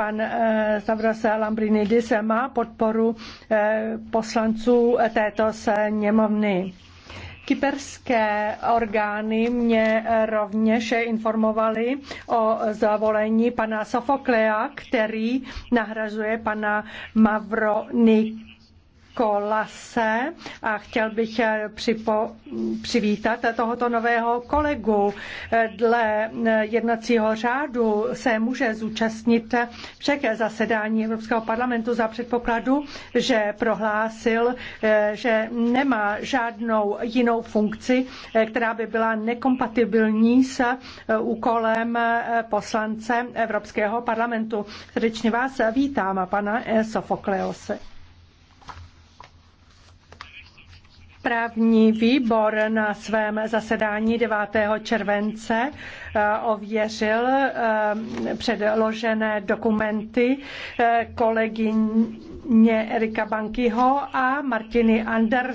pan eh, Stavros Lambrinidis má podporu eh, poslanců této sněmovny. Kyperské orgány mě eh, rovněž informovaly o zvolení pana Sofoklea, který nahrazuje pana Mavronika. Kolase a chtěl bych eh, připo, přivítat tohoto nového kolegu. Eh, dle eh, jednacího řádu se může zúčastnit všech zasedání Evropského parlamentu za předpokladu, že prohlásil, že nemá žádnou jinou funkci, která by byla nekompatibilní s úkolem poslance Evropského parlamentu. Srdečně vás vítám, pana Sofokleose. Právní výbor na svém zasedání 9. července eh, ověřil eh, předložené dokumenty eh, kolegyně Erika Bankyho a Martiny Anders